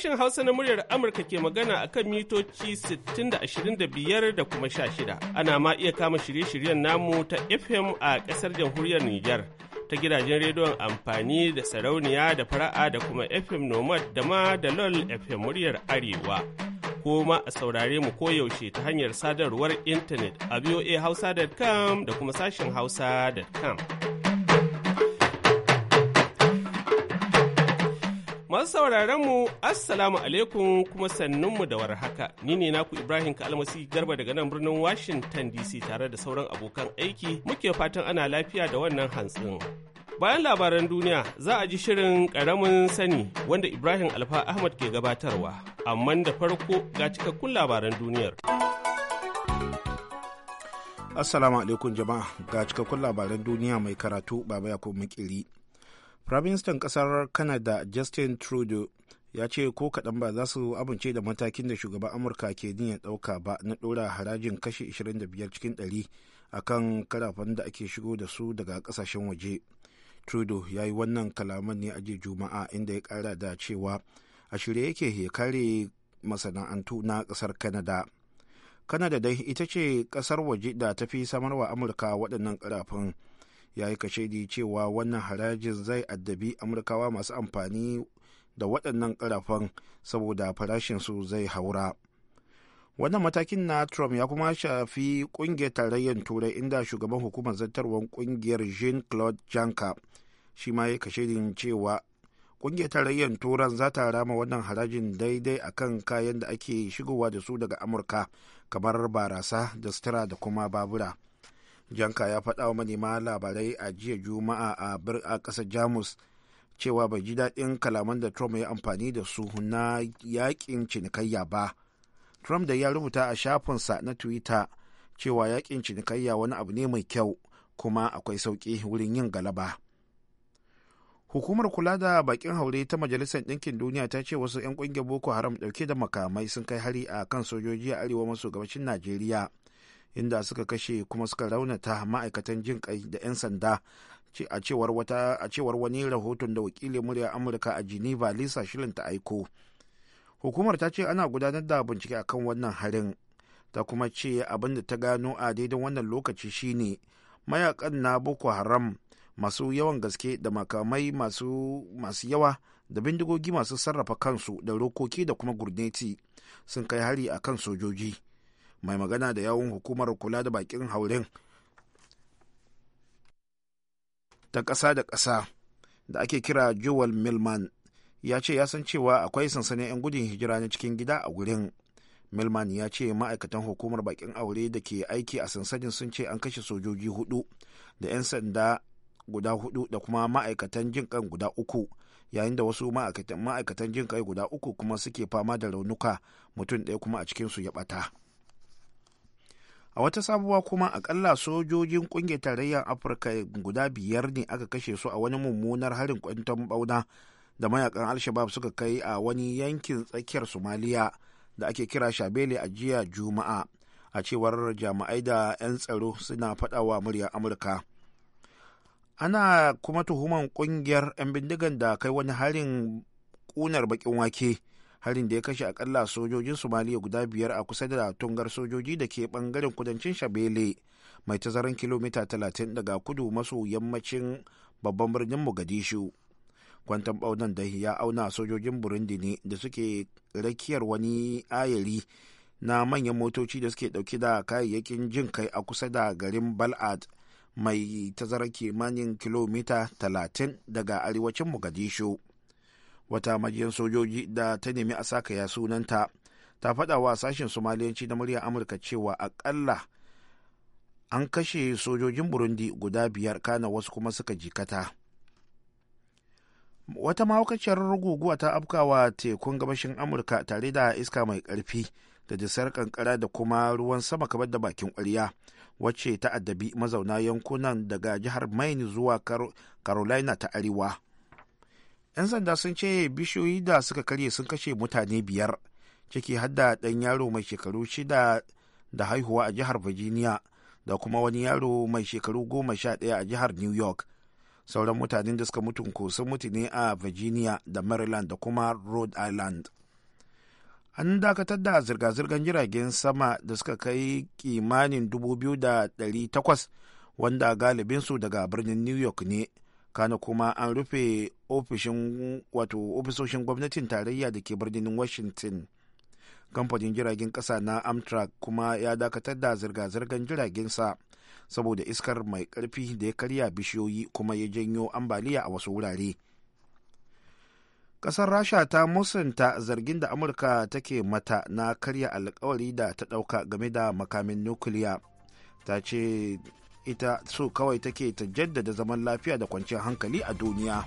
Sashen Hausa na muryar Amurka ke magana a kan mitoci 6025 da kuma sha shida Ana ma iya kama shirye-shiryen namu ta FM a ƙasar jamhuriyar Nijar ta gidajen rediyon amfani da sarauniya da fara'a da kuma FM Nomad da ma da LOL FM muryar Arewa. Kuma a saurare mu koyaushe ta hanyar sadarwar intanet a voahausa.com da kuma sashen hausa.com. Masu sauraron mu Assalamu alaikum kuma sannunmu da warhaka. Ni ne naku Ibrahim Kalmasi Garba daga nan birnin Washington DC tare da sauran abokan aiki muke fatan ana lafiya da wannan hantsin. Bayan labaran duniya za a ji shirin karamin sani wanda Ibrahim Alfa Ahmad ke gabatarwa, amma da farko ga cikakkun labaran duniyar. Assalamu alaikum jama'a ga cikakkun labaran duniya mai karatu Baba Yakubu Mikiri. Firaministan ƙasar Canada Justin Trudeau ya ce ko kaɗan ba za su amince da matakin da shugaban Amurka ke niyyar ɗauka ba na ɗora harajin kashi 25 cikin 100 kan karafan da ake shigo da su daga ƙasashen waje. Trudeau ya yi wannan kalaman ne a Juma'a inda ya kara da cewa a shirye yake ya kare masana'antu na ƙasar Canada. Canada dai ita ce ƙasar waje da ta fi samarwa Amurka waɗannan ƙarafin. ya yi kashedi cewa wannan harajin zai addabi amurkawa masu amfani da waɗannan ƙarafan saboda farashinsu zai haura wannan matakin na trump ya kuma shafi ƙungiyar tarayyar turai inda shugaban hukumar zartarwar ƙungiyar jean claude janka shi ma ya kashedin cewa ƙungiyar tarayyar turan za ta rama wannan harajin daidai akan kayan da ake shigowa da su daga amurka kamar barasa da sutura da kuma babura janka ya faɗa wa manema labarai a jiya juma'a a ƙasar jamus cewa bai ji daɗin kalaman da trump ya amfani da su na yaƙin cinikayya ba trump da ya rubuta a shafinsa na twitter cewa yaƙin cinikayya wani abu ne mai kyau kuma akwai sauƙi wurin yin galaba hukumar kula da bakin haure ta majalisar ɗinkin duniya ta ce wasu 'yan ƙungiyar boko haram ɗauke da makamai sun kai hari a kan sojoji a arewa maso gabashin najeriya inda suka kashe kuma suka raunata ma'aikatan jin kai da 'yan sanda a cewar wani rahoton da wakilin murya amurka a geneva lisa shirin ta aiko hukumar ta ce ana gudanar da bincike akan wannan harin ta kuma ce abin da ta gano a daidai wannan lokaci shine mayakan na boko haram masu yawan gaske da makamai masu, masu yawa da bindigogi masu sarrafa kansu da rokoki da kuma gurneti sun kai hari a kan sojoji mai magana da yawun hukumar kula da bakin haurin ta ƙasa da ƙasa da ake kira joel milman ya ce ya san cewa akwai sansanin 'yan gudun hijira na cikin gida a gurin milman ya ce ma'aikatan hukumar bakin aure da ke aiki a sansanin sun ce an kashe sojoji hudu da 'yan sanda guda hudu da kuma ma'aikatan jin kan guda uku yayin da wasu ma'aikatan jin kai guda uku kuma suke fama da raunuka mutum ɗaya kuma a cikinsu ya ɓata. a wata sabuwa kuma akalla sojojin kungiyar tarayyar afirka guda biyar ne aka kashe su a wani mummunar harin kwanton bauna da mayakan alshabab suka kai a wani yankin tsakiyar somaliya da ake kira shabele a jiya juma'a a cewar jami'ai da 'yan tsaro suna fadawa murya amurka ana kuma tuhuman kungiyar 'yan bindigan da kai wani harin kunar bakin wake harin da ya kashe akalla sojojin somaliya guda biyar a kusa da tungar sojoji da ke bangaren kudancin shabele mai tazaran kilomita 30 daga kudu maso yammacin babban birnin mogadishu kwantan baunan da ya auna sojojin burundi ne da suke rakiyar wani ayari na manyan motoci da suke dauke da kayayyakin jin kai a kusa da garin balad mai tazarar kimanin kilomita 30 daga arewacin mogadishu wata majiyar sojoji da ta nemi a saka ya sunanta ta faɗa wa sashen somaliyanci na muryar amurka cewa akalla an kashe sojojin burundi guda biyar kana wasu kuma suka jikata wata mahaukaciyar guguwa ta afkawa tekun gabashin amurka tare da iska mai ƙarfi da disar kankara da kuma ruwan sama kamar da bakin ƙwarya wacce ta addabi mazauna yankunan daga jihar maine zuwa carolina ta arewa 'yan sanda sun ce bishiyoyi da suka karye sun kashe mutane biyar ciki hadda ɗan yaro mai shekaru shida da haihuwa a jihar virginia da kuma wani yaro mai shekaru goma sha ɗaya a jihar new york sauran mutanen da suka mutu ko sun mutu ne a virginia da maryland da kuma rhode island an dakatar da zirga-zirgar jiragen sama da suka kai kimanin 2,800 wanda galibinsu daga birnin new york ne kana kuma an rufe ofishin wato ofisoshin gwamnatin tarayya da ke birnin washington kamfanin jiragen kasa na amtrak kuma ya dakatar da zirga-zirgar jiragensa saboda iskar mai karfi da ya karya bishiyoyi kuma ya janyo ambaliya a wasu wurare kasar rasha ta musanta zargin da amurka take mata na karya alkawari da ta dauka game da makamin nukiliya ta ce ita so kawai take ta jaddada zaman lafiya da kwanciyar hankali a duniya.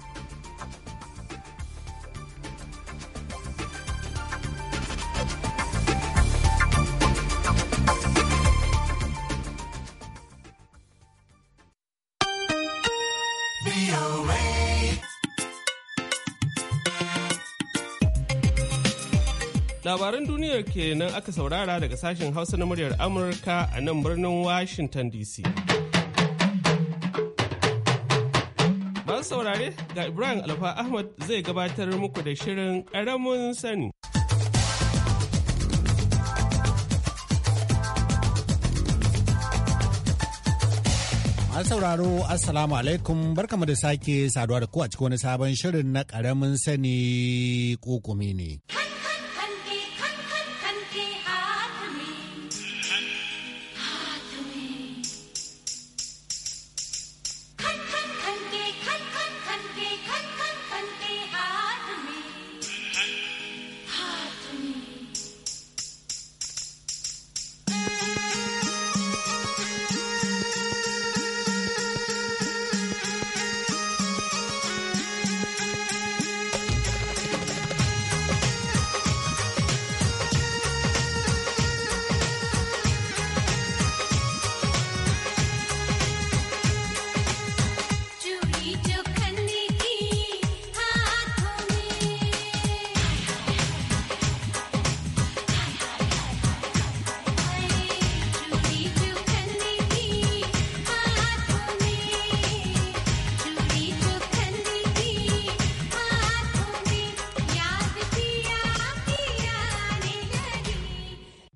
duniyar kenan aka saurara daga sashen hausa na muryar amurka a nan birnin washington dc masu saurare ga ibrahim alfa ahmad zai gabatar muku da shirin karamin sani An sauraro Assalamu alaikum barkamu da sake saduwa da ku a cikin wani sabon shirin na ƙaramin sani kokumi ne.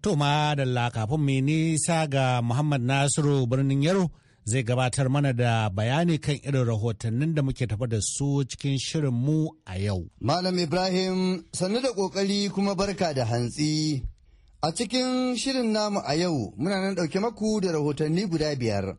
To ma da kafin mai nisa ga Muhammad Nasiru birnin Yaro zai gabatar mana da bayani kan irin rahotannin da muke tafa da su cikin shirin mu a yau. Malam Ibrahim sannu da kokari kuma barka da hantsi. A cikin shirin namu a yau muna nan ɗauke maku da rahotanni guda biyar.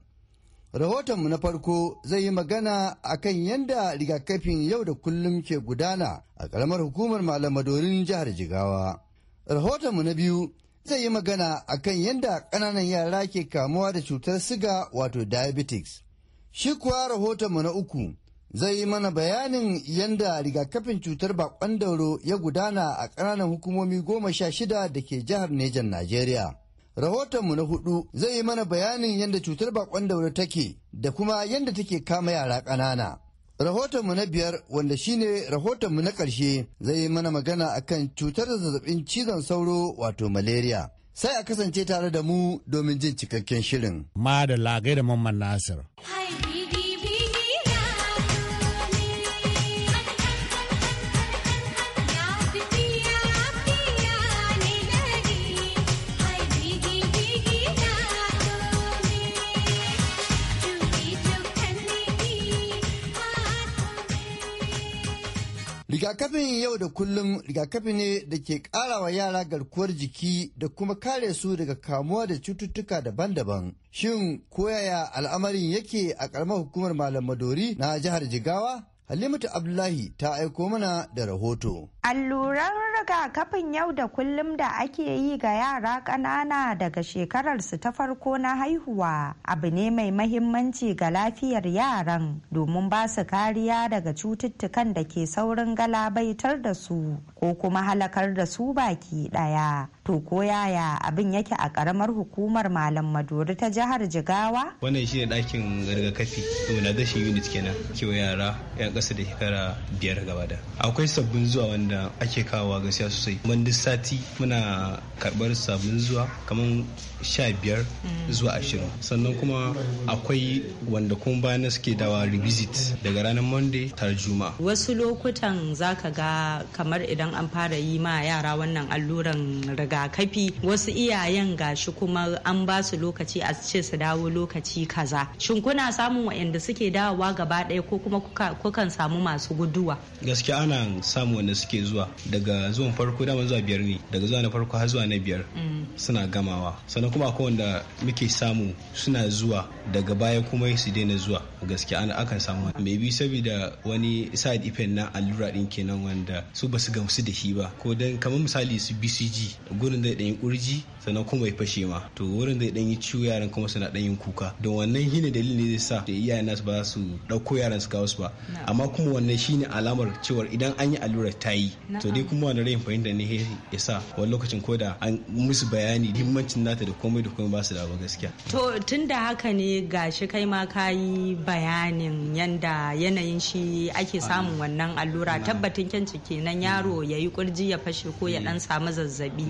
Rahotonmu na farko zai yi magana a kan yadda rigakafin yau da kullum ke gudana a ƙaramar hukumar malamadorin jihar Jigawa. Rahotonmu na biyu zai yi magana a kan yadda ƙananan yara ke kamuwa da cutar siga wato diabetics. Shi kuwa rahotonmu na uku zai yi mana bayanin yadda rigakafin cutar bakon dauro ya gudana a ƙananan hukumomi goma sha shida da ke jihar Nejan Najeriya. Rahotonmu na hudu zai yi mana bayanin yadda cutar bakon dauro take da kuma yadda take kama yara ƙanana. Rahotonmu na biyar wanda shine rahotonmu na ƙarshe zai yi mana magana akan cutar zazzabin cizon sauro wato malaria. Sai a kasance tare da mu domin jin cikakken shirin. Ma da lagai da Mamman Nasir. Rigakafin yau da kullum rigakafi ne da ke wa yara garkuwar jiki da kuma kare su daga kamuwa da cututtuka daban-daban. Shin koyaya al'amarin yake a ƙaramar hukumar Malam Madori na jihar Jigawa? Halimatu Abdullahi ta aiko mana da rahoto. Alluran rigakafin yau da kullum da ake yi ga yara ƙanana daga shekararsu ta farko na haihuwa abu ne mai mahimmanci ga lafiyar yaran domin ba su kariya daga cututtukan da ke saurin galabaitar da su ko kuma halakar da su baki ɗaya. To ko yaya abin yake a karamar hukumar Malam Maduri ta jihar Jigawa? Wannan shine ɗakin rigakafi dashin unit kenan kiwo yara 'yan ƙasa da shekara biyar gaba da. Akwai sabbin zuwa wanda ake kawowa gaskiya sosai. Mun duk sati muna karɓar sabbin zuwa kamar sha biyar mm. zuwa ashirin. Sannan kuma akwai wanda kuma bayan suke dawa revisit daga ranar Monday tar Juma. Wasu lokutan zaka ga kamar idan an fara yi ma yara wannan alluran riga rigakafi wasu iyayen ga shi kuma an ba su lokaci a ce su dawo lokaci kaza shin kuna samun wayanda suke dawowa gaba ɗaya ko kuma kukan samu masu guduwa gaskiya ana samu wanda suke zuwa daga zuwan farko dama zuwa biyar ne daga zuwa na farko har zuwa na biyar mm. suna gamawa sannan kuma akwai wanda muke samu suna zuwa daga baya kuma su daina zuwa gaskiya ana akan samu mai bi saboda wani side effect na allura din kenan wanda su basu gamsu da shi ba ko dan kamar misali su BCG wurin zai ɗanyi kurji sannan kuma ya fashe ma to wurin zai ɗanyi ciwo yaran kuma suna ɗanyin kuka don wannan shine dalilin da zai sa da iyayen nasu ba su ɗauko yaran su kawo su ba amma kuma wannan shine alamar cewar idan an yi allurar ta yi to dai kuma wani rayin fahimta ne ya sa wani lokacin ko da an musu bayani himmancin nata da komai da komai ba su da ba gaskiya. to tun da haka ne ga gashi kai ma ka yi bayanin yanda yanayin shi ake samun wannan allura tabbatin kyanci kenan yaro ya yi kurji ya fashe ko ya dan mm. samu zazzabi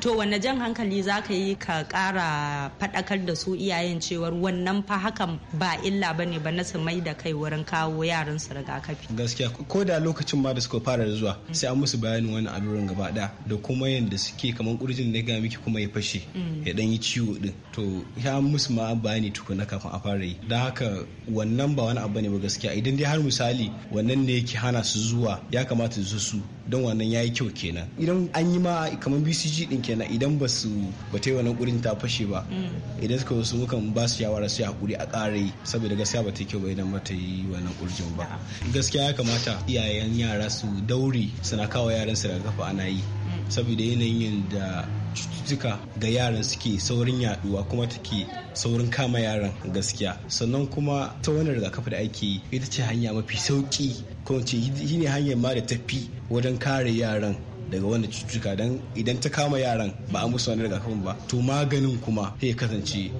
to wanne jan hankali za ka yi ka kara faɗakar da su iyayen cewar wannan fa hakan ba illa ba ne ba na mai da kai wurin kawo yaran su rigakafi gaskiya ko da lokacin ma da suka fara zuwa sai an musu bayanin wani abin gaba da da kuma yanda suke kamar kurjin da ga miki kuma ya fashe mm. ya dan yi ciwo din to ya musu ma bayani tukuna kafin a fara yi da haka wannan ba wani abu ne ba gaskiya idan dai har misali wannan ne yake hana su zuwa ya kamata su su don wannan ya yi kyau kenan mm. idan an yi ma kamar bcg din kenan idan ba su ba ta yi wannan kurin ta fashe ba mm. idan suka wasu mukan ba su yawara su hakuri a ƙarai saboda gaskiya ba ta yi kyau ba idan ba ta yi wannan kurjin ba gaskiya ya kamata iyayen yara su daure suna kawo yaran su daga kafa ana yi mm. saboda yanayin da cututtuka ga yaran suke saurin yaduwa kuma take saurin kama yaran gaskiya sannan kuma ta wani rigakafi da ake yi ita ce hanya mafi sauki ko ce ne hanyar ma da tafi wajen kare yaran daga wanda cututtuka don idan ta kama yaran ba a musu wani rigakafin ba to maganin kuma ya kasance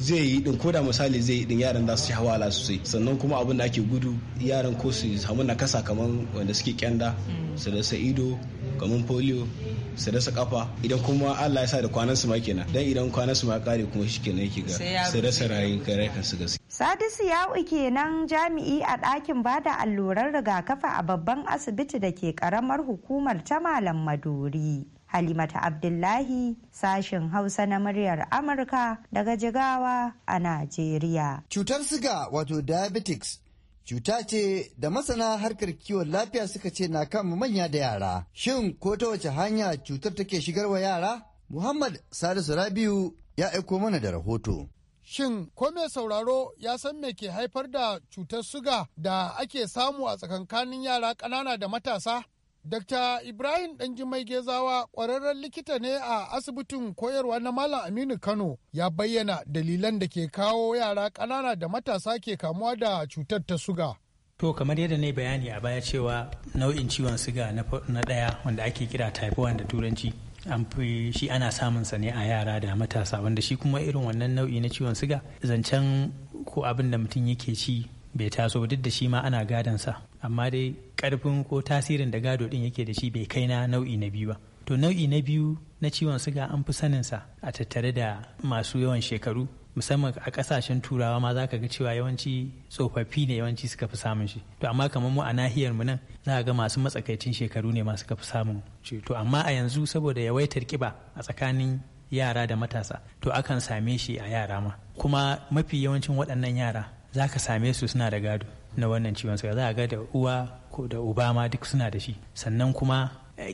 zai yi din koda misali zai yi din yaran za su hawa ala sosai sannan kuma abin da ake gudu yaran ko su samu nakasa kamar wanda suke kyanda su rasa ido kamar polio su rasa kafa idan kuma Allah ya sa da kwanan su ma kenan dan idan kwanan su ma kare kuma shikenan yake ga su rasa rayukan su gaske Sadisu Ya'u kenan jami'i a ɗakin bada allurar rigakafi a babban asibiti da ke ƙaramar hukumar ta Malam Maduri. Halimata Abdullahi sashen Hausa na muryar Amurka daga Jigawa a Najeriya. Cutar siga wato diabetics cuta ce da masana harkar kiwon lafiya suka ce na kama manya da yara. Shin ko ta wace hanya cutar take shigar wa yara? Muhammad Salisu Rabiu ya aiko mana da rahoto. Shin ko mai sauraro ya san me ke haifar da cutar suga da ake samu a tsakankanin yara ƙanana da matasa? Dr. Ibrahim Danjimai Gezawa ƙwararren likita ne a asibitin koyarwa na Malam Aminu Kano ya bayyana dalilan da ke kawo yara ƙanana da matasa ke kamuwa da cutar ta suga. To kamar yadda na bayani a baya cewa nau'in ciwon suga na ɗaya wanda ake kira type 1 da turanci an fi shi ana samun sa ne a yara da matasa wanda shi kuma irin wannan nau'i na ciwon siga zancen ko abin da mutum yake ci bai taso duk da shi ma ana gadon sa amma dai karfin ko tasirin da gado din yake da shi bai kai na nau'i na biyu ba to nau'i na biyu na ciwon siga an fi sanin sa a tattare da masu yawan shekaru musamman a kasashen turawa ma zaka ga cewa yawanci tsofaffi ne yawanci suka fi samun shi to amma kamar mu a nahiyar mu nan za ga masu matsakaicin shekaru ne masu fi samun shi to amma a yanzu saboda yawaitar kiba a tsakanin yara da matasa to akan same shi a yara ma kuma mafi yawancin waɗannan yara za ka same su suna da gado na wannan ciwon suga za ga da uwa ko da obama duk suna da shi sannan kuma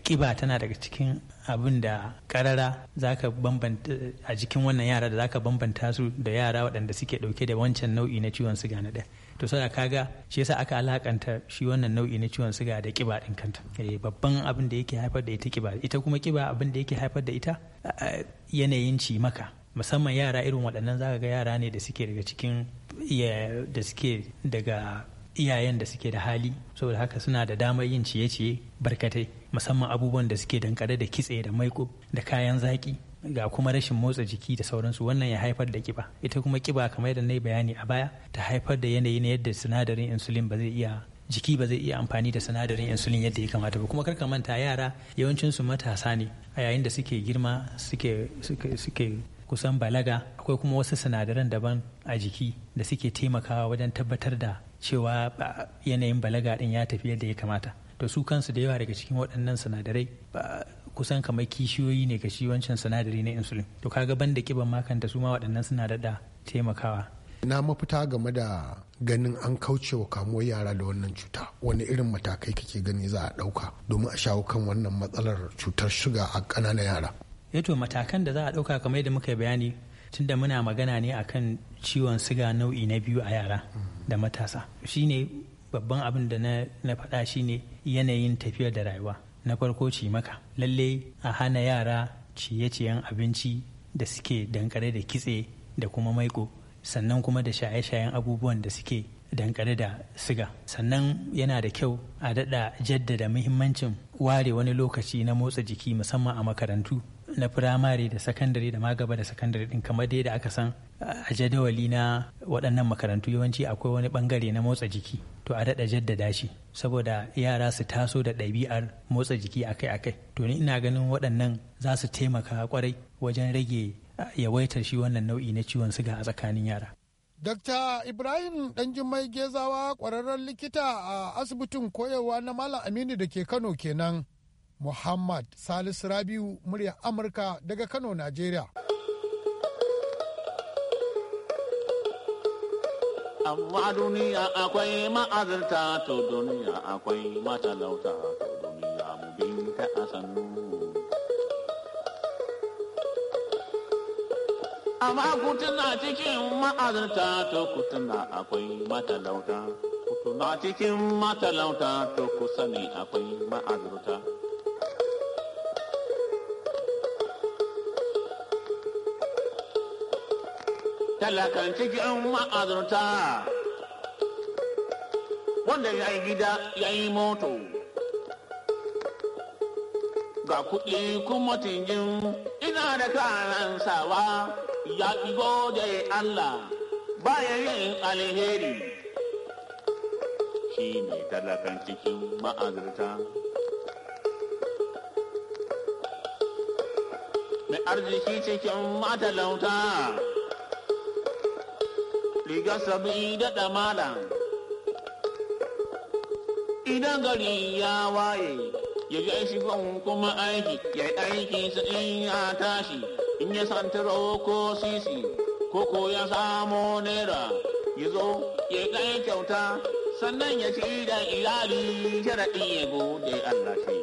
kiba eh, tana daga cikin abin da karara zaka bambanta a jikin wannan yara da zaka bambanta su da yara waɗanda suke ɗauke da wancan nau'i na ciwon siga na ɗaya to sai kaga shi yasa aka alakanta shi wannan nau'i na ciwon siga da kiba din kanta eh, babban abin da yake haifar da ita kiba ita kuma kiba abin da yake haifar da ita yanayin maka musamman yara irin waɗannan zaka ga yara ne da suke daga cikin da suke daga iyayen da suke da hali saboda haka suna da damar yin ciye-ciye barkatai musamman abubuwan da suke dankare da kitse da maiko da kayan zaki ga kuma rashin motsa jiki da sauransu wannan ya haifar da kiba ita kuma kiba kamar yadda na yi bayani a baya ta haifar da yanayi na yadda sinadarin insulin ba zai iya jiki ba zai iya amfani da sinadarin insulin yadda ya kamata ba kuma karka manta yara yawancinsu matasa ne a yayin da suke girma suke kusan balaga akwai kuma wasu sinadaran daban a jiki da suke taimakawa wajen tabbatar da cewa yanayin balaga din ya tafi yadda ya kamata to su kansu da yawa daga cikin waɗannan sinadarai ba kusan kamar kishiyoyi ne ga shi wancan sinadari na insulin to kaga banda kiban makanta su ma waɗannan suna da taimakawa na mafita game da ganin an kauce wa kamuwar yara da wannan cuta wani irin matakai kake gani za a ɗauka domin a shawo kan wannan matsalar cutar shuga a ƙananan yara eto eh matakan da za a ɗauka kamar yadda muka yi bayani tunda muna magana ne akan ciwon siga nau'i na biyu a yara da matasa shine babban abin da na faɗa shine yanayin tafiyar da rayuwa na farko ci maka lalle a hana yara ciye-ciyen abinci da suke dankare da kitse da kuma maiko sannan kuma da shaye-shayen abubuwan da suke dankare da siga sannan yana da kyau a daɗa jaddada muhimmancin ware wani lokaci na motsa jiki musamman a makarantu na firamare da sakandare da magaba da sakandare din kamar dai da aka san a jadawali na waɗannan makarantu yawanci akwai wani bangare na motsa jiki to a daɗa jaddada shi saboda yara su taso da ɗabi'ar motsa jiki akai-akai to ni ina ganin waɗannan za su taimaka kwarai wajen rage yawaitar shi wannan nau'i na ciwon siga a tsakanin yara Dr. Ibrahim Danjumai Gezawa kwararren likita a asibitin koyarwa na Malam Aminu da ke Kano kenan Muhammad Salisu Rabiu murya Amurka daga Kano, Najeriya. Amma duniya akwai ma'azarta to duniya akwai matalauta to duniya mu binta a sannu. Amma kutuna cikin ma'azarta to kutuna akwai matalauta. Kutuna cikin matalauta to kusa ne akwai ma'azarta. talakan cikin ma'azurta wanda ya yi gida ya yi moto ga kuɗi kuma tingin ina da kanan sawa ya gode Allah ya yin alheri shi ne talakan cikin ma'azurta mai arziki cikin matalauta iga sabi da malam idan gari ya waye ya ji shigon kuma aiki ya yi aiki sa in ya tashi in ya santaro ko sisi ko ya samo naira ya zo ya yi kyauta sannan ya ci da iyali sharaɗi ya gode Allah shi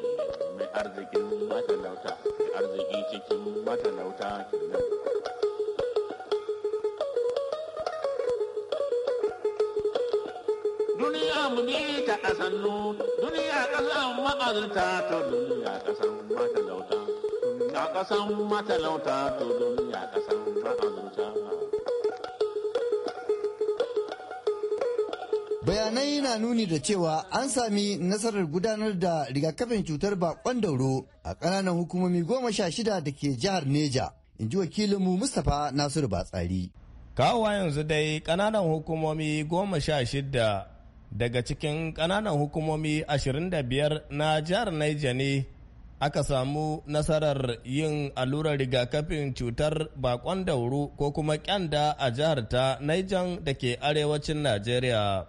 mai arzikin matalauta arziki cikin matalauta kenan matalauta bayanai na nuni da cewa an sami nasarar gudanar da rigakafin cutar bakon dauro a ƙananan hukumomi goma sha shida da ke jihar neja in ji wakilinmu mustapha nasiru batsari kawowa yanzu dai ƙananan hukumomi goma sha shida daga cikin ƙananan hukumomi 25 na jihar Niger ne aka samu nasarar yin allurar rigakafin cutar bakon dauro ko kuma kyanda a jihar ta Niger da ke arewacin Najeriya.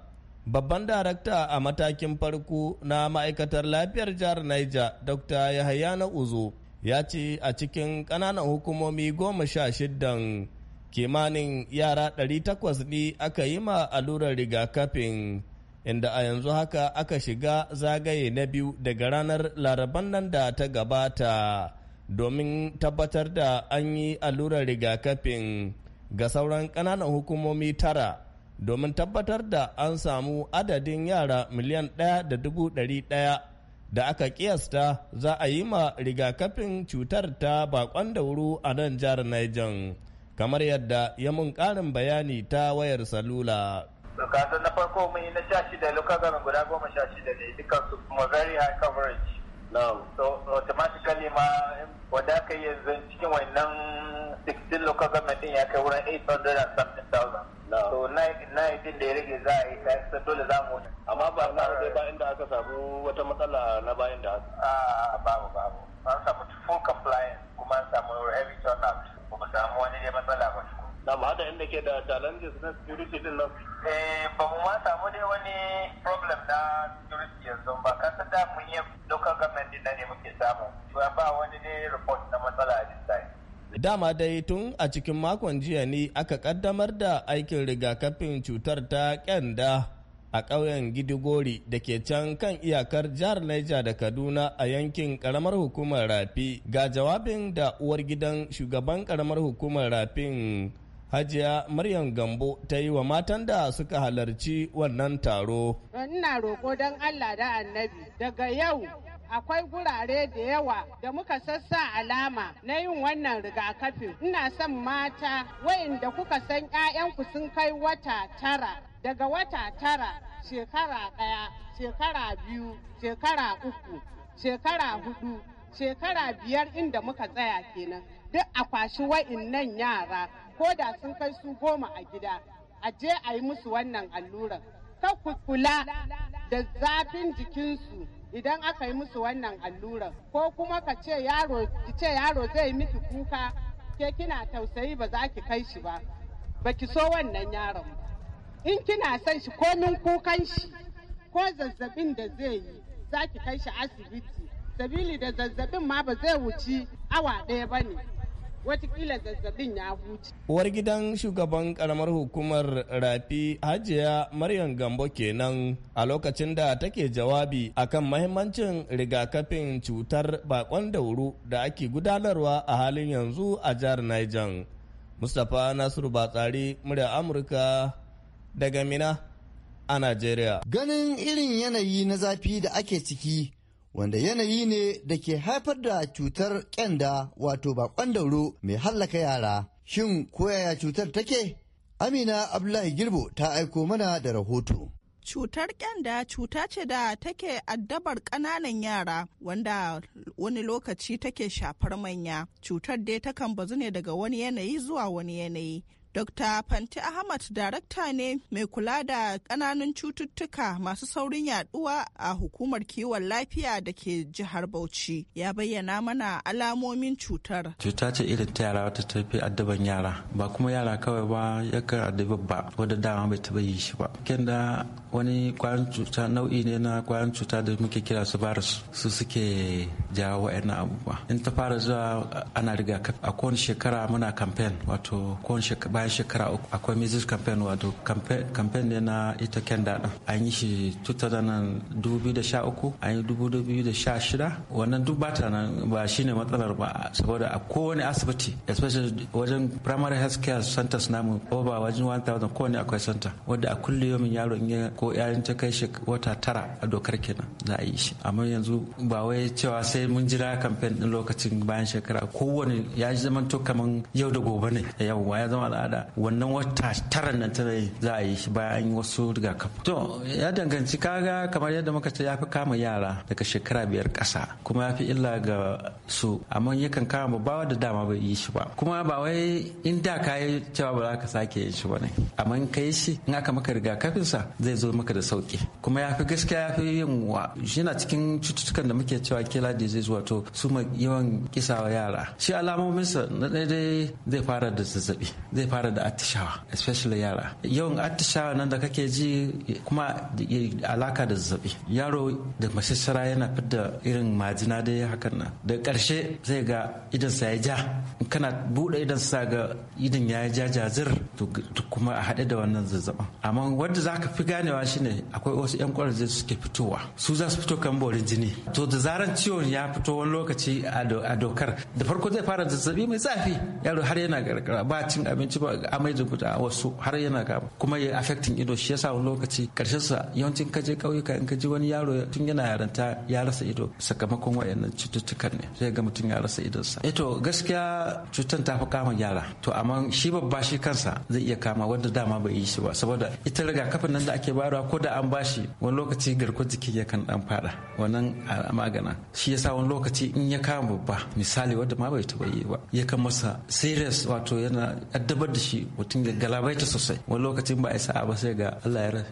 Babban darakta a matakin farko na ma'aikatar lafiyar jihar Niger, Dr. Yahaya na Uzo, ya ce a cikin ƙananan hukumomi goma sha shiddan kimanin yara 800 ne aka yi ma allurar rigakafin inda a yanzu haka aka shiga zagaye na biyu daga ranar laraban nan da ta gabata domin tabbatar da an yi allurar rigakafin ga sauran ƙananan hukumomi tara domin tabbatar da an samu adadin yara miliyan ɗaya da dubu ɗari ɗaya da aka kiyasta za a yi ma rigakafin cutar ta bakon da wuru a nan jihar Niger kamar yadda ya mun ƙarin bayani ta wayar salula. Kasa na farko mun yi na sha shida local government guda goma sha shida ne dukkan su kuma very high coverage. No. So automatically ma wanda aka yi yanzu cikin wannan 16 local government din ya kai wurin 800 and something thousand. So nine din da ya rage za a yi ta yasa dole za mu Amma ba a na dai bayan da aka samu wata matsala na bayan da aka. Ah babu babu. An samu full compliance kuma an samu heavy turnout out. Ba samu wani ne matsala ba. na da inda ke da challenges na security din nan eh ba mu ma samu dai wani problem na security yanzu ba ka san da mun yi local government din ne muke samu ba wani ne report na matsala a this Dama dai tun a cikin makon jiya ne aka kaddamar da aikin rigakafin cutar ta kyanda a ƙauyen Gidigori da ke can kan iyakar jihar niger da Kaduna a yankin ƙaramar hukumar Rafi. Ga jawabin da uwar gidan shugaban ƙaramar hukumar Rafin Hajiya Maryam Gambo ta yi wa matan da suka halarci wannan taro. Ina roƙo don Allah da annabi daga yau akwai gurare da yawa da muka sassa alama na yin wannan rigakafin. Ina son mata wayanda kuka san 'ya'yanku sun kai wata tara daga wata tara shekara ɗaya shekara biyu shekara uku shekara hudu shekara biyar inda muka tsaya kenan duk a kwashi nan yara ko da sun kai su goma a gida a je a yi musu wannan alluran ka ku kula da zafin jikinsu idan aka yi musu wannan alluran ko kuma ka ce yaro ki ce yaro zai yi miki kuka ke kina tausayi ba za ki kai shi ba ba ki so wannan yaron ba in kina son shi komin kukan shi ko zazzabin da zai yi za ki kai shi asibiti sabili da zazzabin ma ba zai wuci awa ɗaya ba ne watakila zazzabin ya huce. uwar gidan shugaban karamar hukumar rafi hajiya maryam gambo kenan a lokacin da take jawabi akan mahimmancin rigakafin cutar bakon dauro da ake gudanarwa a halin yanzu a jihar niger mustapha nasiru batsari murya amurka daga mina a Najeriya. ganin irin yanayi na zafi da ake ciki wanda yanayi ne da ke haifar da cutar kyanda wato bakon dauro mai hallaka yara. Shin koyaya cutar take? Amina Abdullahi Girbo ta aiko mana da rahoto. Cutar kyanda cuta ce da take addabar ƙananan yara wanda wani lokaci take shafar manya. Cutar dai takan bazu ne daga wani yanayi zuwa wani yanayi. Dr. Fanti Ahmad darakta ne mai kula da ƙananun cututtuka masu saurin yaduwa a hukumar kiwon lafiya da ke jihar Bauchi. Ya bayyana mana alamomin cutar. Cuta ce irin ta yara wata tafi addaban yara ba kuma yara kawai ba ya kan addaba ba wadda dama bai taɓa yi shi ba. Ken da wani kwayan cuta nau'i ne na kwayan cuta da muke kira su virus su suke jawo wa'annan abubuwa. In ta fara zuwa ana rigakafi a kowane shekara muna kamfen wato kowane shekara bayan shekara uku akwai music campaign wato campaign ne na ita kenda din an yi shi 2013 an yi 2016 wannan duk bata nan ba shine matsalar ba saboda a kowane asibiti especially wajen primary health care centers namu ko ba wajen 1000 kowane akwai center wadda a kulle yomin yaro in ko yayin ta kai wata tara a dokar kenan za a yi shi amma yanzu ba wai cewa sai mun jira campaign din lokacin bayan shekara kowane ya zama to kaman yau da gobe ne yawwa ya zama al'ada da wannan wata tara nan tare za a yi shi bayan wasu rigakafi to ya danganci kaga kamar yadda muka ce ya fi kama yara daga shekara biyar ƙasa kuma ya fi illa ga su amma yakan kama bawa da dama bai yi shi ba kuma ba wai in da ka yi cewa ba za ka sake yin shi ba ne amma in ka yi shi in aka maka rigakafin sa zai zo maka da sauki kuma ya fi gaskiya ya fi yin wa yana cikin cututtukan da muke cewa kila disease wato su yawan kisawa yara shi alamominsa na daidai zai fara da zazzabi zai fara fara da atishawa especially yara yawan atishawa nan da kake ji kuma alaka da zazzabi yaro da mashassara yana fidda irin majina dai hakan nan da karshe zai ga idansa ya ja kana bude idansa ga idan ya ja jazir to kuma a haɗe da wannan zazzabin amma wanda zaka fi ganewa shine akwai wasu yan kwarje suke fitowa su za su fito kan borin jini to da zaran ciwon ya fito wani lokaci a dokar da farko zai fara zazzabi mai zafi yaro har yana gargara ba cin abinci ba amai da guda wasu har yana gaba kuma ya affecting ido shi yasa wani lokaci karshen sa yawancin kaje kauyuka in ji wani yaro tun yana yaranta ya rasa ido sakamakon wayannan cututtukan ne sai ga mutum ya rasa sa. eh to gaskiya cutan ta fi kama yara to amma shi babba shi kansa zai iya kama wanda dama bai yi shi ba saboda ita rigakafin nan da ake bayarwa ko da an bashi wani lokaci garkuwar jiki yakan dan fada wannan magana shi yasa wani lokaci in ya kama babba misali wanda ma bai taba yi ba yakan masa serious wato yana addabar da da shi mutum ya galabaita sosai wani lokacin ba a sa'a ba sai ga Allah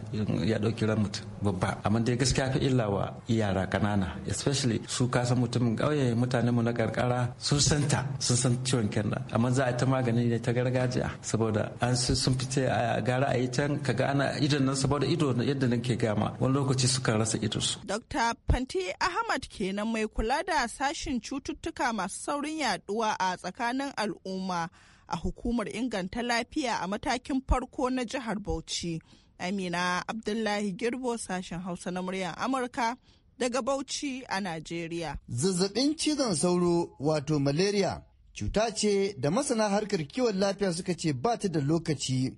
ya dauki ran mutum babba amma dai gaskiya fi illa wa yara kanana especially su kasa mutumin kauye mutanen mu na karkara sun santa sun san ciwon kenan amma za a ta magani ne ta gargajiya saboda an sun fice a gara a yi can ga ana idon nan saboda ido yadda nake gama wani lokaci kan rasa ido su. Dr. Fanti Ahmad kenan mai kula da sashin cututtuka masu saurin yaduwa a tsakanin al'umma a hukumar inganta lafiya a matakin farko na jihar Bauchi. Amina Abdullahi Girbo sashen Hausa na muryar Amurka daga Bauchi a Najeriya. Zazzabin cizon sauro wato malaria cuta ce da masana harkar kiwon lafiya suka ce ba ta da lokaci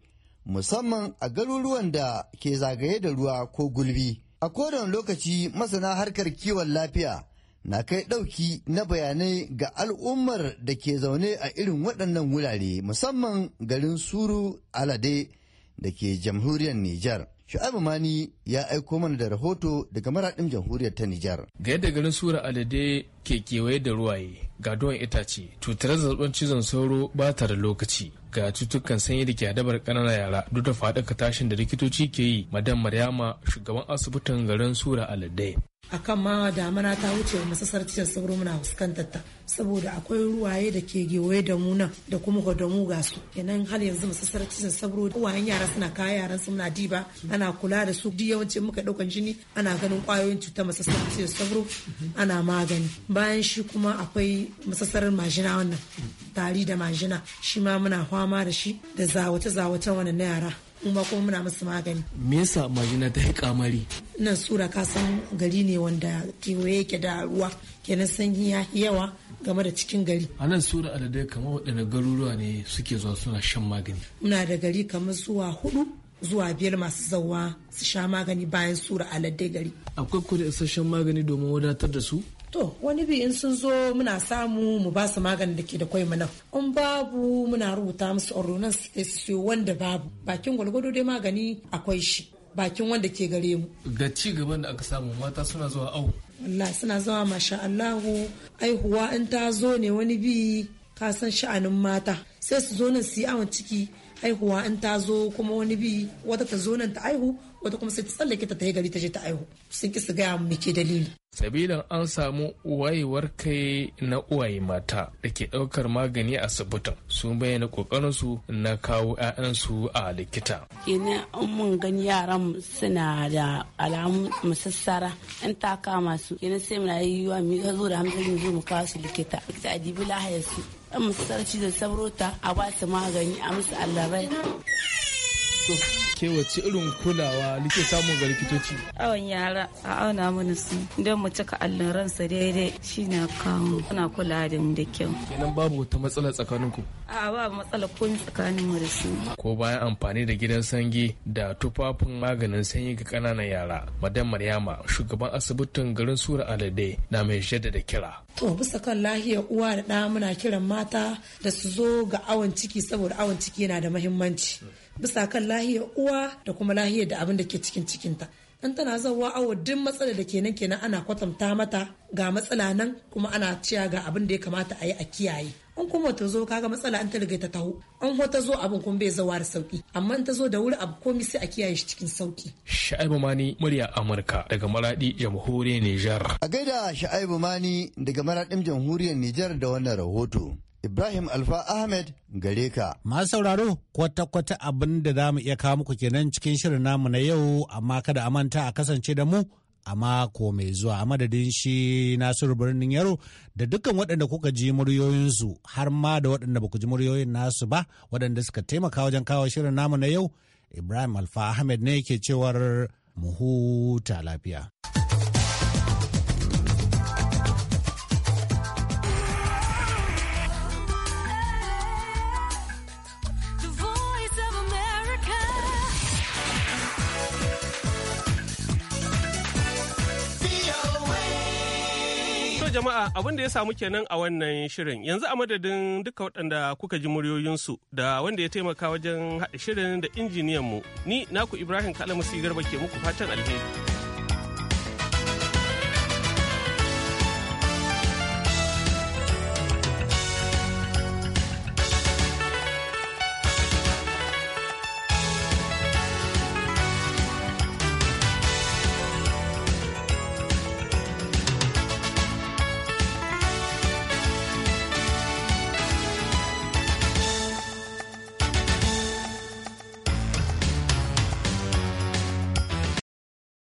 musamman a garuruwan da ke zagaye da ruwa ko gulbi. A kodon lokaci masana harkar kiwon lafiya na kai ɗauki na bayanai ga al'ummar da ke zaune a irin waɗannan wurare musamman garin suru alade da ke jamhuriyar Nijar. Shu'aibu Mani ya aiko mana da rahoto daga maraɗin jamhuriyar ta Nijar. Ga yadda garin Sura Alade ke kewaye da ruwaye, ga duwan itace, cutar zazzabin cizon sauro ba ta da lokaci. Ga cutukan sanyi da ke hadabar ƙananan yara duk da faɗaka tashin da likitoci ke yi, Madam Maryama shugaban asibitin garin Sura Alade. akan ma damana ta wuce wa masasarciyar sauro muna fuskantar ta saboda akwai ruwaye da ke gewaye da mu nan da kuma damu ga su kenan hal yanzu masasarciyar sauro uwayen yara suna kaya yaran su muna diba ana kula da su duk yawanci muka daukan jini ana ganin kwayoyin cutar masasarciyar sauro ana magani bayan shi kuma akwai masasar majina wannan tari da majina shi ma muna fama da shi da zawace-zawacen wannan yara kuma kuma muna musu magani. Me yasa majina ta yi kamari? Nan sura, ka san gari ne wanda kewaye yake da ruwa kenan sanyi ya yawa game da cikin gari. A nan tsura adadai kamar waɗanda garuruwa ne suke zuwa suna shan magani. Muna da gari kamar zuwa hudu zuwa biyar masu zauwa su sha magani bayan sura aladai gari. Akwai kuda isasshen magani domin wadatar da su? To wani bi in sun zo muna samu mu ba su maganin da ke da kwai nan. In babu muna rubuta musu ordonance sai su wanda babu. Bakin gwalgwado dai magani akwai shi. Bakin wanda ke gare mu. Ga ci gaban da aka samu mata suna zuwa au. Wala suna zuwa masha Allahu aihuwa in ta zo ne wani bi ka san sha'anin mata. Sai su zo nan su yi awon ciki haihuwa in ta zo kuma wani bi wata ta zo nan ta aihu wata kuma sai ta tsallake ta yi gari ta je ta aihu sun ki gaya mu ke dalili. sabilan an samu wayewar kai na uwaye mata da ke ɗaukar magani a asibitin sun bayyana su na kawo 'ya'yansu a likita. ina an mun gani yaran suna da alamu musassara in ta kama su ina sai muna yi yiwa mu zo da hamsin mu kawo su likita likita a dibi lahayar su in musu sarki da sabrota a ba su magani a musu allabai so ke wace irin kulawa like samu ga likitoci awon yara a auna mana su don mu cika allaransa daidai shi na kawo ana kula da mu da kyau kenan babu wata matsala tsakanin ku a ba matsala ko tsakanin mu da su ko bayan amfani da gidan sange da tufafin maganin sanyi ga kananan yara madam maryama shugaban asibitin garin sura alade na mai jaddada kira to bisa kan lahiyar uwa da ɗa muna kiran mata da su zo ga awon ciki saboda awon ciki yana da mahimmanci bisa kan lahiyar uwa da kuma lahiyar da abin da ke cikin cikinta in tana zawa awo duk matsala da kenan kenan ana kwatanta mata ga matsala nan kuma ana ciya ga abin da ya kamata a yi a kiyaye in kuma ta zo kaga matsala an ta riga ta taho an ho ta zo abin kuma bai zawa da sauki amma in ta zo da wuri abu komai sai a kiyaye shi cikin sauki Sha'ibu Mani murya Amurka daga Maradi jamhuriyar Nijar a gaida Sha'ibu Mani daga Maradin jamhuriyar Nijar da wannan rahoto Ibrahim Alfa Ahmed gare ka. Masu sauraro kwata-kwata abin da za mu iya kawo muku kenan cikin shirin namu na yau amma kada a manta a kasance da mu a mako mai zuwa a madadin shi Nasiru birnin Yaro da dukkan waɗanda kuka ji muryoyinsu har ma da waɗanda baku ji muryoyin nasu ba waɗanda suka taimaka wajen kawo shirin namu na yau Ibrahim Alfa Ahmed ne ke cewar mu huta lafiya. jama'a abin da ya samu kenan a wannan shirin yanzu a madadin duka waɗanda kuka ji muryoyinsu da wanda ya taimaka wajen haɗa shirin da injiniyanmu ni naku Ibrahim Kalamusi Garba ke muku fatan alheri.